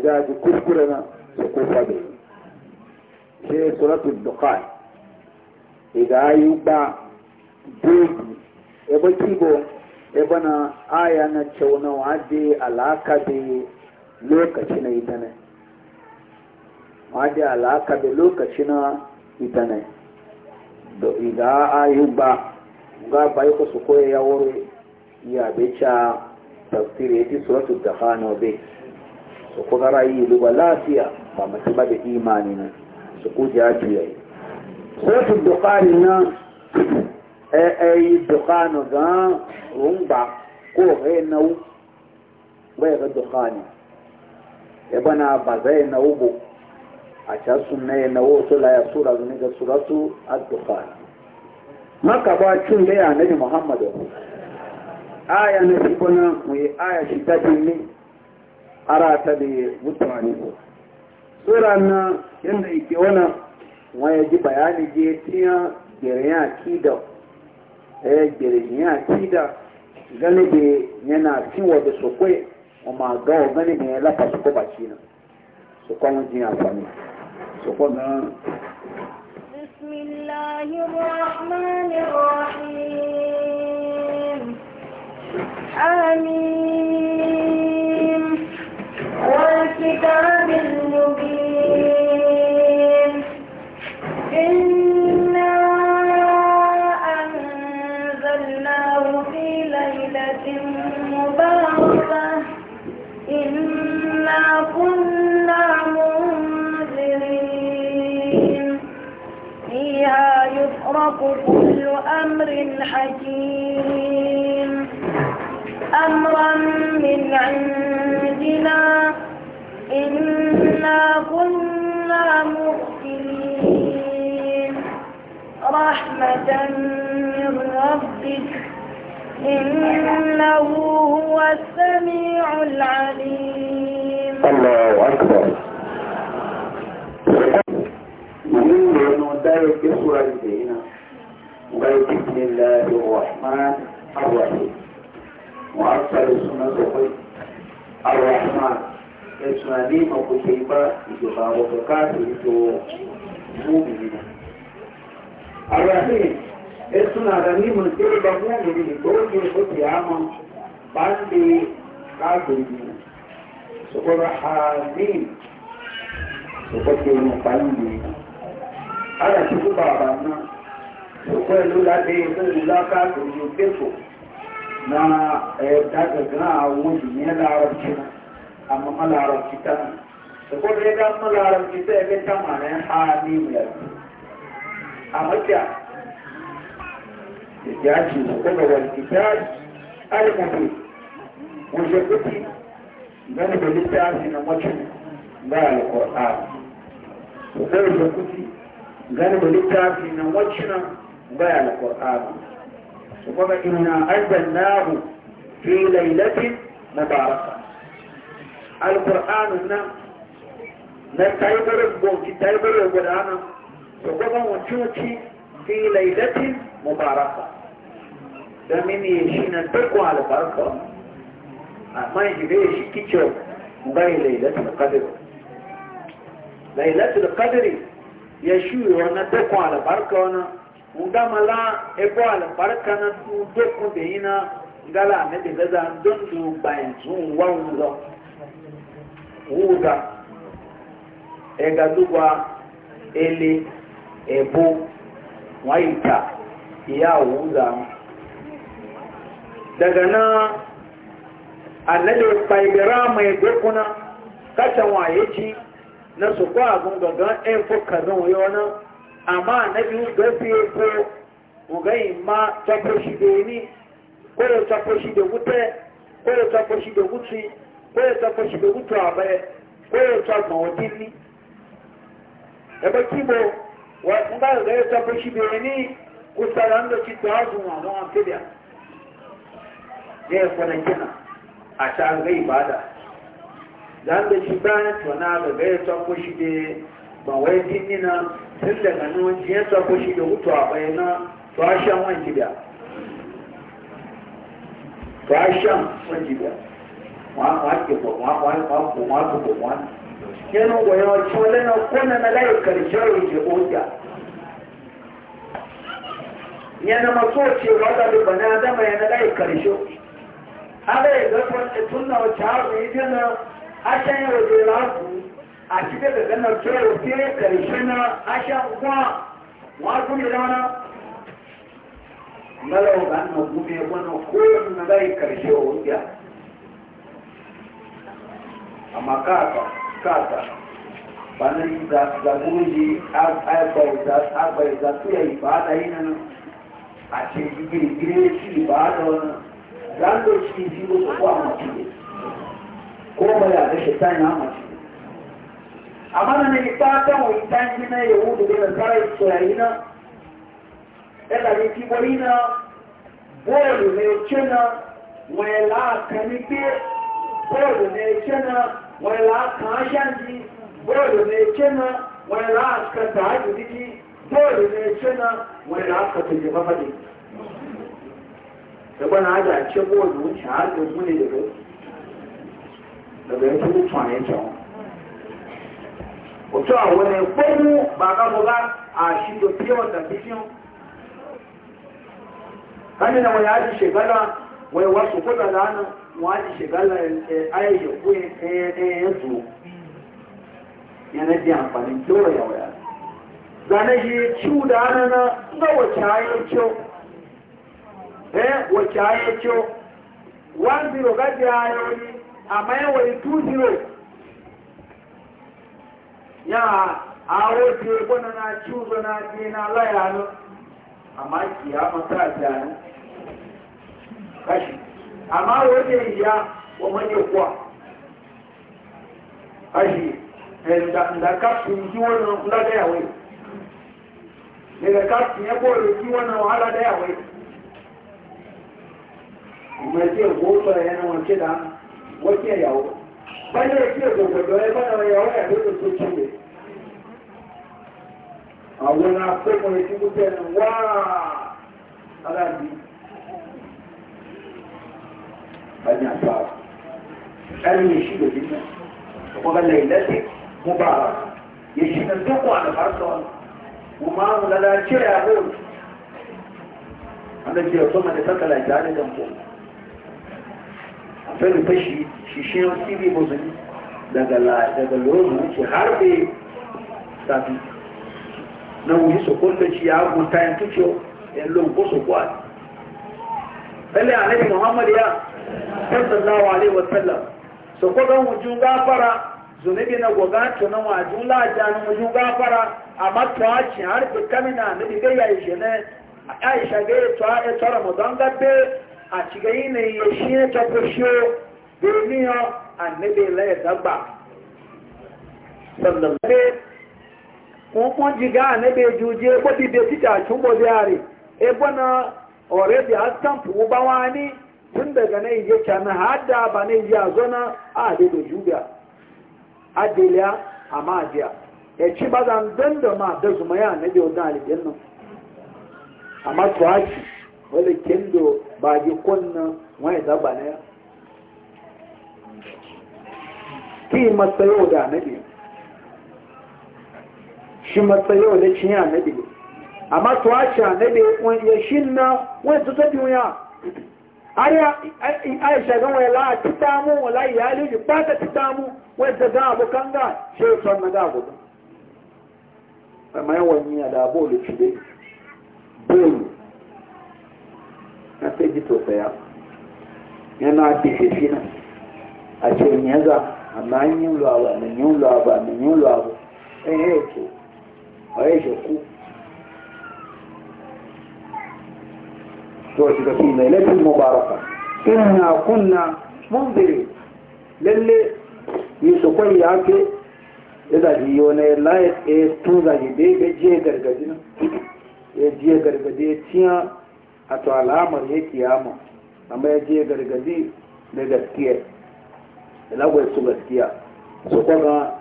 S1: na su she suratul duqan idan ayu ba dubi e Eh, bana aya na cewa waje alaka da lokaci na ita ne waje alaka da lokaci na ita ne da a ayu ba ga bai ku su koya ya wuri ya beca tafsiri ya ci suratu da hano bai su kuka rayu luba lafiya ba mace ba da imani na su kuja juyayi suratu da na ẹyí dùkánù gan òun gbà kó ọ̀rẹ́ náwó wẹ́ẹ̀ rẹ̀ dùkánù ẹ̀bọ́n náà bàzẹ́ yẹn náwó bò àṣà a náà yẹn na tó láyà sóra lónìí gẹ̀ sóra tó àdùkánù. makaba cin da ya muhammadu aya na shi kuna aya ta ne ara ta da mutane tsira na yadda ike wana waya ji bayani e gbere ni a gane be yana tiwa da sokwe o ma ga o gane be la pa ba china so kwa mu jin afani so na
S2: bismillahir rahmanir rahim amin wal kitabil mubin وكل أمر حكيم أمرا من عندنا إنا كنا مؤمنين رحمة من ربك إنه هو السميع العليم الله أكبر مهم
S1: لأنه بسم الله الرحمن الرحيم وأكثر السنة قل الرحمن اسمعني وكتيبة يجبار وكاتب مؤمنين الرحيم اسمنا غني من كل مؤمنين كل يخطي عمل باندي كافرين سقر حامين سقر المقلمين أنا شكو بابا pẹ̀lú láti ìfẹ́lú lákàtò yóò pẹ́kọ̀ na ẹ̀ẹ́dàgbẹ̀gbẹ̀ àwọn òṣìyàn láàrọ̀kí àmàmà láàrọ̀kí tánà ṣùgbọ́n ẹgbẹ́ àmà láàrọ̀kí tẹ́ ẹgbẹ́ tánà rẹ̀ ha ní ilẹ̀ àmọ́kíà ìjájì ìpẹ́lẹ̀wọ̀ ìjájì alìmọ̀bì wọ́n ṣe pé kí ìgbẹ́ni pẹ̀lú tẹ́ àti ìnàmọ́tò gbá àlùkọ̀ ààrùn ìgbẹ́ni pẹ̀lú tẹ́ àti ìnàmọ́tò náà بيان القرآن وقال إنا أنزلناه في ليلة مباركة القرآن هنا نتايبر البوكي تايبر القرآن وقال وجوتي في ليلة مباركة لمن يشين تقوى على البركة ما يجبيش كيتشو مباي ليلة القدر ليلة القدر يشوي وانا تقوى على البركة وانا ngamala ebo albarka na su dokun da yina ngala na da gaza don su bayan sun e wuga ega duwa ele ebo waita ya wuga daga na annabi faibira mai dokuna kacha waye ci na su kwa gungagan ɗan fuka zan wayo na amma annabi ga fiye ko ugai ma tafo shi da yini ko ya tafo shi da wuta ko ya tafo shi da wuci ko ya tafo shi da wutu abai ko ya tafo wadini da ba kibo wa nga ga ya tafo shi da yini kusaran da ci ta zuwa don amfibiya ne ya kwanan kina a ta ga ibada zan da shi bayan tona ga ga ya tun daga nan ya sako shi da hutu a bayana fashen wanki da fashen wanki da wake kwamwa yana goyon cewa na kuna na layi karshen rike oja yana maso za da rubana dama yana layi karshe aga yi zafon tunna wacce haku yi dina a can yi wajen rafu a cikin da zanen kewa ke ƙarshe na asha kuma wa kuma da mana malawa ga annan gume wani koyon na zai ƙarshe wa wuya amma kaka kaka ba na yi zagunji agbai za su yi ba da yi nan a ce girgire shi ba da wani zan da shi fi ko kwa mace ko ba ya da shi ta yi mace amma na ne ta ta wani tanji na yahudu da nasara israeli na ɗaga ne kibori na bolu ne cina wani la'akani pe bolu ne cina wani la'akan shanji bolu ne cina wani la'akan ta hajji jiki bolu ne cina wani la'akan ta jefa fadi da bana aja ce bolu wuce har da mune da daga yankin mutuwa ne òtún àwọn ẹ̀ gbóhùn bàbáwọlá àṣìjọ bí ọ̀dà bí fíhàn kánínà wọ́n yá ti ṣègbálà wọ́n yẹ wá sòkótà lánàá wọ́n á ti ṣègbálà ayẹyẹ fún ẹ̀yẹ tó yẹn di àǹfààní tí ó rẹ̀ wọ̀yà zane yi ciwo da hannana ga wacce ayo ciwo eh wacce ayo ciwo 1-0 gaji ayo ni amma yawon 2-0 ya awo ti gbọ́nà náà tí ó gbọ́nà tí iná aláìlànà àmá kì á mọ́ káàkiri àná káṣì àmá wo ní ìyá ọmọ yẹ kọ́ káṣì ẹ̀ǹdàká fi kí wọ́n náà ládẹ́yàwó ẹ̀ǹdàká fi yẹ kọ́ rẹ̀ kí wọ́n náà ládẹ́yàwó ìgbẹ́sẹ̀ ẹ̀ wọ́n wọ́n báyé ojú òdòdó ẹgbẹ́ àwọn ìyàwó ẹ̀ lórí tó kíwe àwọn akókò etí tó tẹnu wáá aláàbí báyé àpá ẹni èṣù lòdì náà ọ̀pọ̀lọpọ̀ ìlẹ́sì mú bá a èṣù náà dúkùn àlùbá sọ mo máa ń lọ́la jẹ́ àbò àlejò ọ̀tọ́ mọ̀ ní sákàlà sani ta shi shishin sibi musulmi daga lori wuce har bai safi na wuyi su kulle ci ya guta yin tuciyo yin lungu su kwa ɗale a nabi muhammadu ya sallallahu alaihi wasallam a ciga yi ne ya shi ne ta kushe domin yau annabi laye dagba sannan ne kuma jiga annabi juje ko bibe tita cin gobe yare e bana already has stamp uba wani tun daga nan ya cana hada ba ne ya zona a da da juga baaji konna wani zaba ne ki matsayo da annabi shi matsayo da cin annabi amma to a ci annabi ya shin na wani su tafi wuya aisha gan wani la ti damu wala iyali ji ba ta ti damu wani ta ga abokan ga shi son na ga gudu amma yawan yi da bolu ci dai bolu na sai ji tausaya yana da shafi nan a ce ne za amma an yin lawa na yin lawa na yin lawa ɗan yi yake a yi shaku to shi ga fi mai laifin mubaraka inna kunna munziri lalle yi su kwai ya ke ya zaji yi wani layar ya tun zaji da ya gajiye gargadi nan ya jiye gargadi ya ciyan ato to alamar ya kiyama amma ya je gargadi da gaskiya da lagwai su gaskiya su kwaga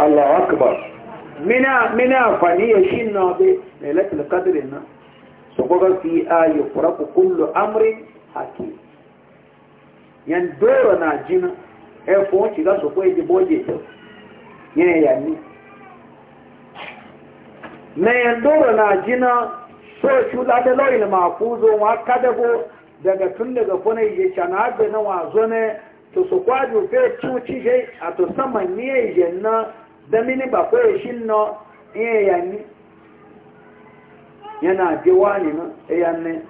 S1: Allah akbar mina mina faniya shi na bai lailatul qadr na sokoga fi a yufraku kullu amrin hakim yan doro na jina e fo ci ga so ko e boje to yan ya ni na yan doro na jina so shu la da lawil mafuzo wa kadabo daga tun daga kuna yi cana da na wazo ne to su kwajo fe cuci shi a to saman ni yana ake wani na eh, yanne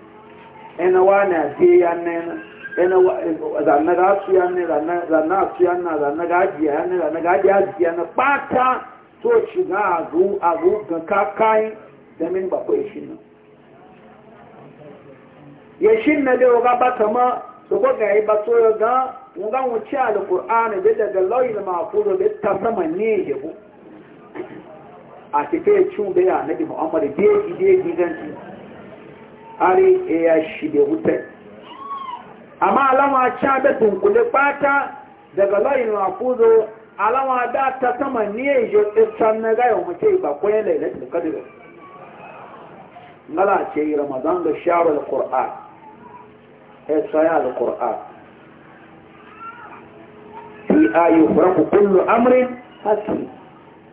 S1: yana wani ake yanne na yana eh, zanna ga su yanne zanna su yanna zanna ga ajiya yanne zanna ga na bata to shiga agu agu ga kakayin da min ba ya shi nan ya shi na da ga ba kama su ko ga yi ba so ga mun ga mu ci alqur'ani da daga lauyi da mafuzo da ta sama ne a cike ya cin da ya nabi muhammad deji deji zan ci hari e ya shi da wuta amma alama cha da dunkule fata daga layin mafuzo alama da ta sama ne ya yi tsirtan na gaya mace ba kwaye lailatul qadr ngala ce ramadan da shahar al-qur'an ya tsaya al-qur'an fi ayi faraku kullu amrin hakim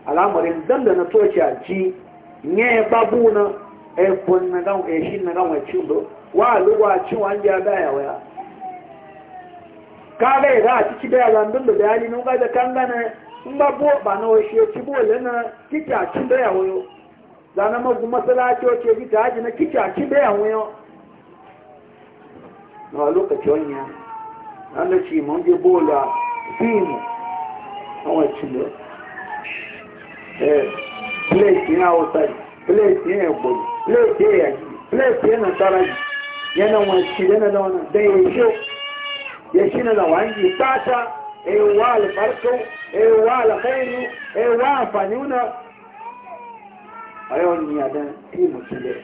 S1: al'amarin dan da na toci a ci nye babu na efon na gan eshi na gan wacin do wa lugwa ci wa ndi ada ya waya ka ga ida a ciki da yalan dun da bayani nun ga da kan gana in ba bo ba na washi ci bo le na kiki a cin da ya wayo zana ma gu masalaci o ce bi ta haji na kiki a cin da ya wayo na lokaci wanya an da ci mun je bola fimu a wacin da pléètì haúsá yìí pléètì ẹ̀kọ́ yìí pléètì ẹ̀yà yìí pléètì ẹ̀nà sára yìí yẹn wọn ti lẹ́nà lọ́nà bẹ́ẹ̀ yíṣó yẹ̀ṣí náà wà ń yí pátá ẹ̀wà àlùfáàtó ẹ̀wà àlùfáàyínú ẹ̀wà àǹfààní náà ayọ́ ni àdán tíìmù sílẹ̀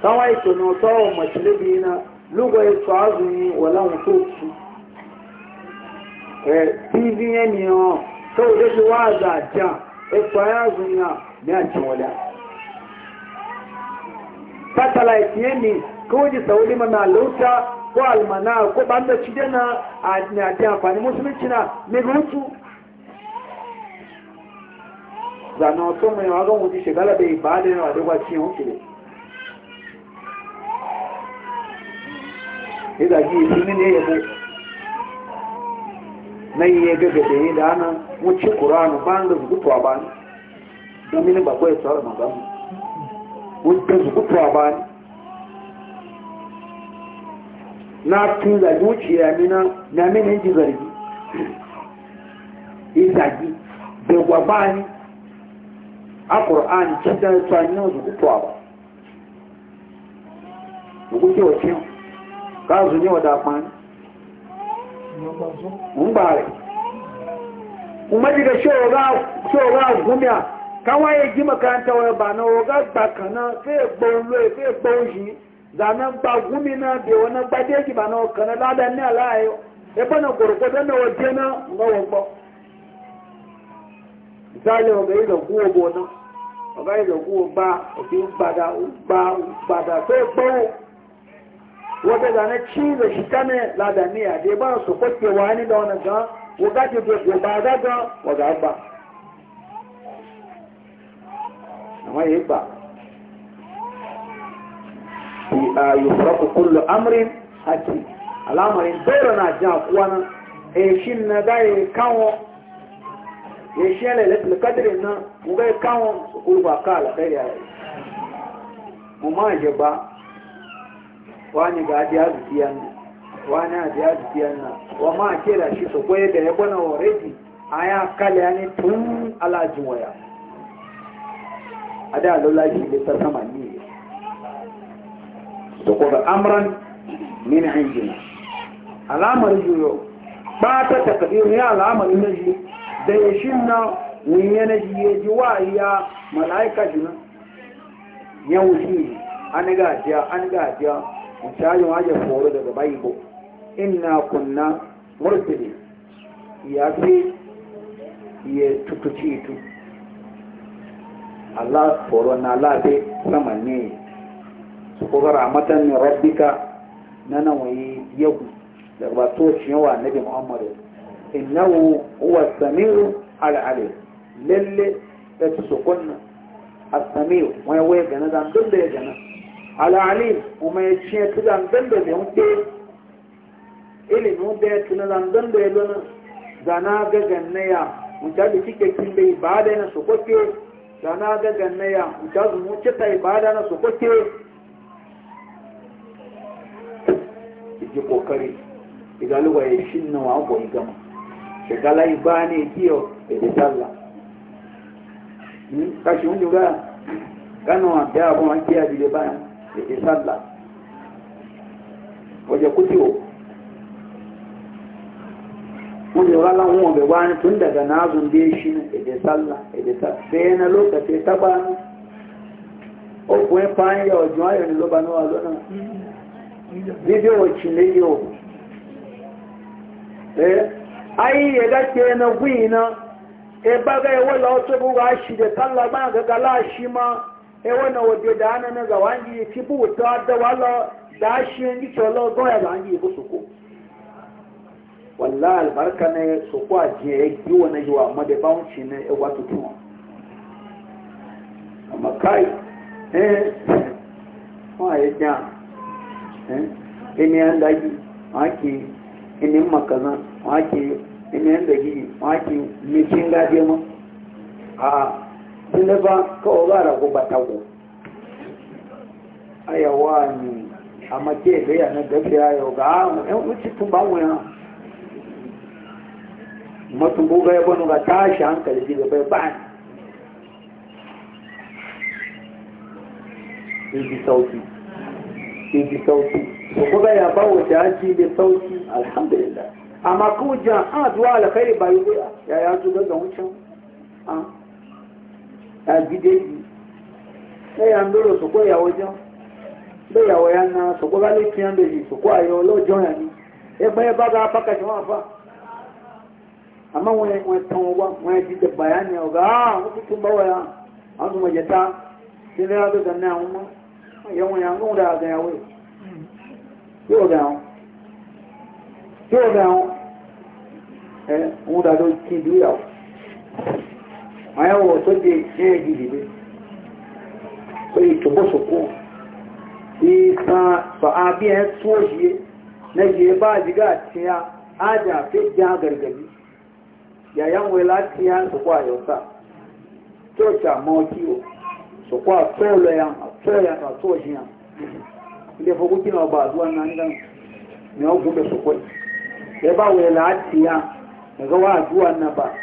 S1: sáwọn ìtònà tọ́wọ̀ mọ̀tílébi náà lúgọ ètò azù ni wọ̀ láwọn tó tu ẹ̀ pvn yẹn tó lójú wáàzà àjà ekwa ko almana ko banda ci dana a ne amfani musulunci na ne zana wato mai wagon wuce shigala bai ba da yawa da wace wuce ne idan su ne yabo na iya gaga da yi da ana wuce ƙuranu ba da zugutuwa ba ne domin ba kawai tsara magana wuce zugutuwa ba ne na tun zagi wuce ya mina na mina ji zargi yi zagi da gwaba ne a ƙur'ani cikin da tsanin zugutuwa ba zugutuwa ce ka zunye wa dafa ne ń gbà rẹ̀ umarjiga ṣọ́ra gúnmíà káwọn ayé jí makaranta wọn bà náà ọgá gbà kan náà fẹ́ gbọ́n lóye fẹ́ gbọ́n yìí zànà gba gúnmí náà bẹ̀ wọn náà gbadé jì náà kan náà ní aláàyò ẹgbẹ́ náà tó náà wọ́n wata zane ci da shi kame ladaniya da ba su kwakke wani da wani gan waga ce to ko ba ga ga waga ba amma yi ba fi a yi furaku kullu amrin haki alamarin dole na jan kuwa e shi na ga yi e kawo ya e shi yana ilatul kadirin nan mu yi e kawo su kurba ka alaƙari a yi mu ma je ba wani ga adi arziki yanzu wani adi arziki yanna wa ma ke da shi su kwaye da ya gwana wa reji a ya kala ne tun alajin waya a da lola shi da ta sama ni su kuma amran min injina alamar juyo ba ta takadiru ya alamar naji da ya na wunye naji ya ji wa iya mala'ika jina yawon shi an gajiya an gajiya cayin wajen foro daga baibo inna kunna murtali ya fi ya tutuci tu Allah foro na labe sama ne su kuka ramatan ne rabbika na nan yau da ba to ciyawa nabi muhammadu innahu huwa samiru al'ali lalle da su kunna as-samiru wani waya gana da duk da ya gana al'alim kuma ya ce tu zangan da zai hudu ilimin da ya tuna zangan da ya lona zana ga gannaya wuta da kike kin da ibada na sokoke zana ga gannaya wuta zu mu cika ibada na sokoke ji kokari igaluwa ya shinna wa ko igama shagala ibane kiyo da sallah kashi unjuga kanu abda ko an kiya bile bana ìsàlà ọjọ́ kúti o wọ́n yọ rárá wọn ọ̀bẹ̀ wá ní tún daga náà zùn bí ṣí èdè sàlà èdè sàlà bẹ́ẹ̀ na lókàtí tábà ọkùnrin pààyàn ọjọ́ ayọ̀ ni ló bá náà lọ́nà fídíò ìkìlẹ̀ yìí o ayi ya gaske na gwi na e baga ya wala wasu buga shi da tallaba ga gala e wannan waje da ana na zawangi ci buta da wala da shi yanki cholo go ya zangi bu suko wallahi albarka ne su kwa je yi wani jiwa amma da bawunci ne e wata tuwa amma kai eh (laughs) wa e ya ja eh ini an dagi wake ini makazan wake ini an dagi wake me kin gaje ma a ah, silaba kawai ba ko ba tago a yawa ne a mace da yana gafiya yau ga ahun yan wuce tun ba wuya mutum buga ya bano ga tashi hankali ji gaba ba ne inji sauki inji sauki su kuga ya ba wa jaji da sauki alhamdulillah amma kujan an zuwa alkhairi bayu ya ya zuga ga wucin an ah. agide yìí ẹ̀yà ń lórò sòkó ìyàwó ya na sòkó bá lè tiẹ́ ń lè yìí sòkó àyọ ni bá bá pákàtí wọn fà àmọ́ wọn wọn wọn ni ah, ya àwọn tó mọ̀ jẹ ta ṣe ní adó wọn yẹ wọn yàn wọn yìí ẹ àyà wọ̀ tó di ṣe é gidi dé pé ìtòbósòkó ìsan sọ abí ẹ tún òṣìyẹ lẹ́yìn bá àdìgá àti àjà fẹ́ jẹ́ gàrgàbí yàyà ń láti yá sòkó àyọ̀sà tó ṣà mọ́ kí o sòkó àtọ́ ya àtọ́ ya àtọ́ ni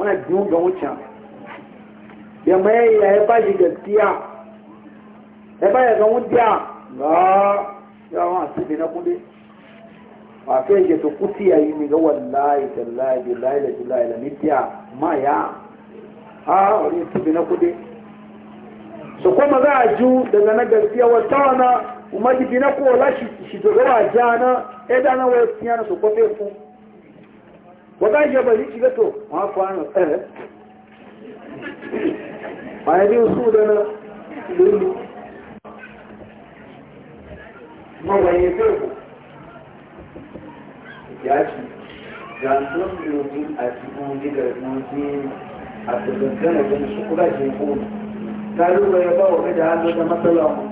S1: wani jin ga wucin ya mai ya ya ba shi gaskiya ya ba ya ga wuciya ga yawon asibi na kudi a kai ke su kuti ya yi ga wallahi tallahi billahi da billahi da mitiya ma ya a wani asibi na kudi su kuma za a ju daga na gaskiya wata wana umar gidi na kola shi dogara jana edana eh, wasu yana su kwafe fun wọ́n ìjọba yìí ti gẹ́tò wọ́n fọ́ àrùn ẹ̀rẹ́ wọ́n ẹni oṣù dáná lórí wọ́n wọ̀nyí fẹ́ẹ̀kù ìjáàkì gàǹtọ́n ní ojú àti ohun gíga ìwọ̀n ní àtẹ̀gbẹ̀gbẹ̀rẹ̀ tó ń ṣokúrà jẹ́ ìfowópamọ́ ta ló wọ ẹgbẹ́ wọ̀ mẹ́ta á lọ́jọ́ mọ́tọ́lọ́ ọmọ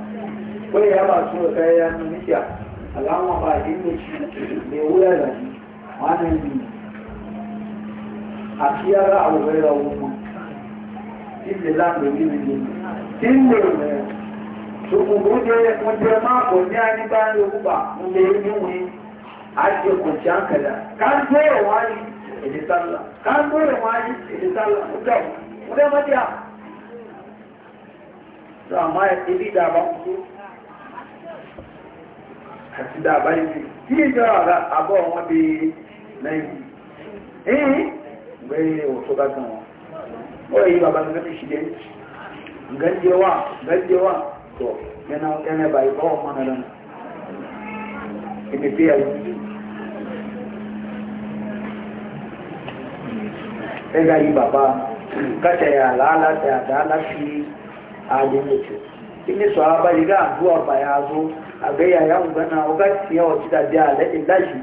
S1: wọ́n yẹ bá tún ọ̀tá ẹ̀yà nínú níjà àláwọn ọba àdínú ìṣù lè wúlẹ̀ lọ́jọ́ wọn á nà ń bì í àti ara àwọn ẹ̀rọ ọmọ ìdè láàrin níbi ní ìlú rẹ̀ ṣùgbùgbù jẹ́ mo jẹ́ máa kò ní àníbá ní òkúbà ilé níwí àti òkùnṣì àkàdà káńtó ẹ̀wọ̀n ayé èdè sálà káńtó ẹ̀wọ̀n ayé èdè sálà ó dẹ̀ mo dẹ́ mọ́ díà àti ìdàbà tí ìjọ àbọ̀ wọn bí lẹ́yìn bai wato gasa wa wai yi baba ga shi ganjewa ganjewa yana yana bai mana nan biya yi
S2: ga yi baba
S1: kata ya ya a a bari ga zuwa ba ya a ci da biya lalin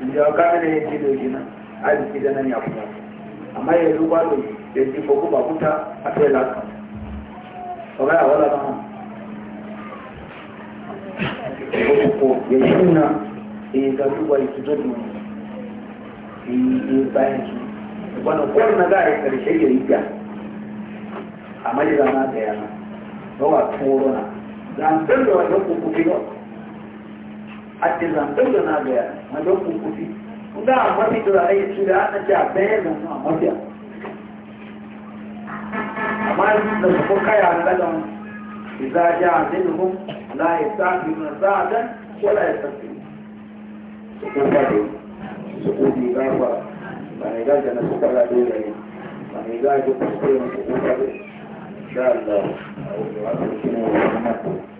S1: ìjọ ya yẹn ti lòdì náà àìsí dáná ní àpò àmọ́ yẹn ló wá lòdì èdè fòkó bàbúta àti ẹ̀là kan ọ̀gá àwọn ọ̀là náà òkùnkùn yẹ̀yẹ́ náà èyí gàdúgbà ìtútọ́jú èyí báyìí tún ìgbọ́nà kọ́ọ̀lù yi gáà ẹ̀kẹ̀rẹ̀ ṣe yẹ̀ ìgbà àmọ́ yẹn lọ́nà àgbẹ̀yà náà lọ́wọ́ àtúnwó náà làǹtẹ́lọ̀ ẹ̀yọ́ kòkòkò yọ zan làǹtẹ́lọ̀ náà àgbẹ̀yà náà a don kukufi a mafi turare su da ana ce a bayan da su a mafiya amma da su ko kaya na ɗan iza ja a zai hun la ya sa fi na za a dan ko la ya ba da su ko ba ne gaja na su
S2: kara dole ba ne gaja ku su ko yi masu ko da insha Allah a wani wasu ne wani